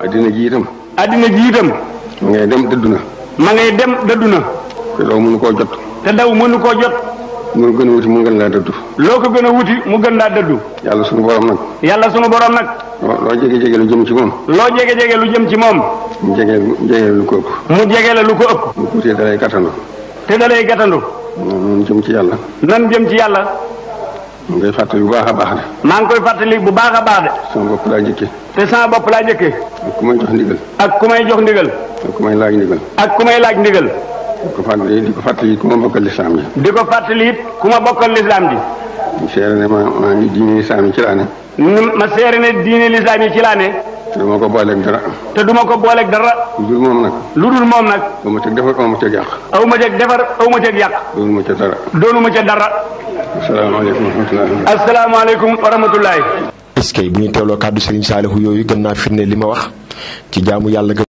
addina ji itam. addina ji itam. ma ngay dem dëddu na. ma ngay dem dëddu na. te daw mënu koo jot. te daw mënu koo jot. mu gën wuti mu gën laa dëddu. loo ko gën a wuti mu gën laa dëddu. yàlla sunu borom nag. yàlla sunu borom nag. loo jege jege lu jëm ci moom. loo jege jege lu jëm ci moom. mu jege jege lu ko ëpp. mu jege la lu ko ëpp. mu tuutee dalay gàttandu. te dalay gàttandu. nan jëm ci yàlla. nan jëm ci yàlla. mu ngay fàttali bu baax a baax de. maa ngi koy fàttali bu baax a baax de. sama bopp laa njëkkee. te sama bopp laa njëkkee. ak ku may jox ndigal. ak ku may jox ndigal. ak ku may laaj ndigal. ak ku may laaj ndigal. di ko fàttali di ko fàttali ku ma bokkal lislaam ji. di ko fàttali it ku ma seere ne ma maa ngi diine lislaam yi ci laa ne. ma seere ne diine lislaam yi ci laa ne. te duma ko booleeg dara. te duma ko booleeg dara. lu dul moom nag. lu dul moom nag. aw ma ca defar aw ma yàq. aw ma ca defar aw ma ca yàq. doonu ma ca dara. doonu ma ca dara. asalaamaaleykum wa rahmatulah. asalaamaaleykum bu ñu teewloo kàddu Serigne Saliou yooyu gën naa firnde li ma wax ci jaamu yàlla.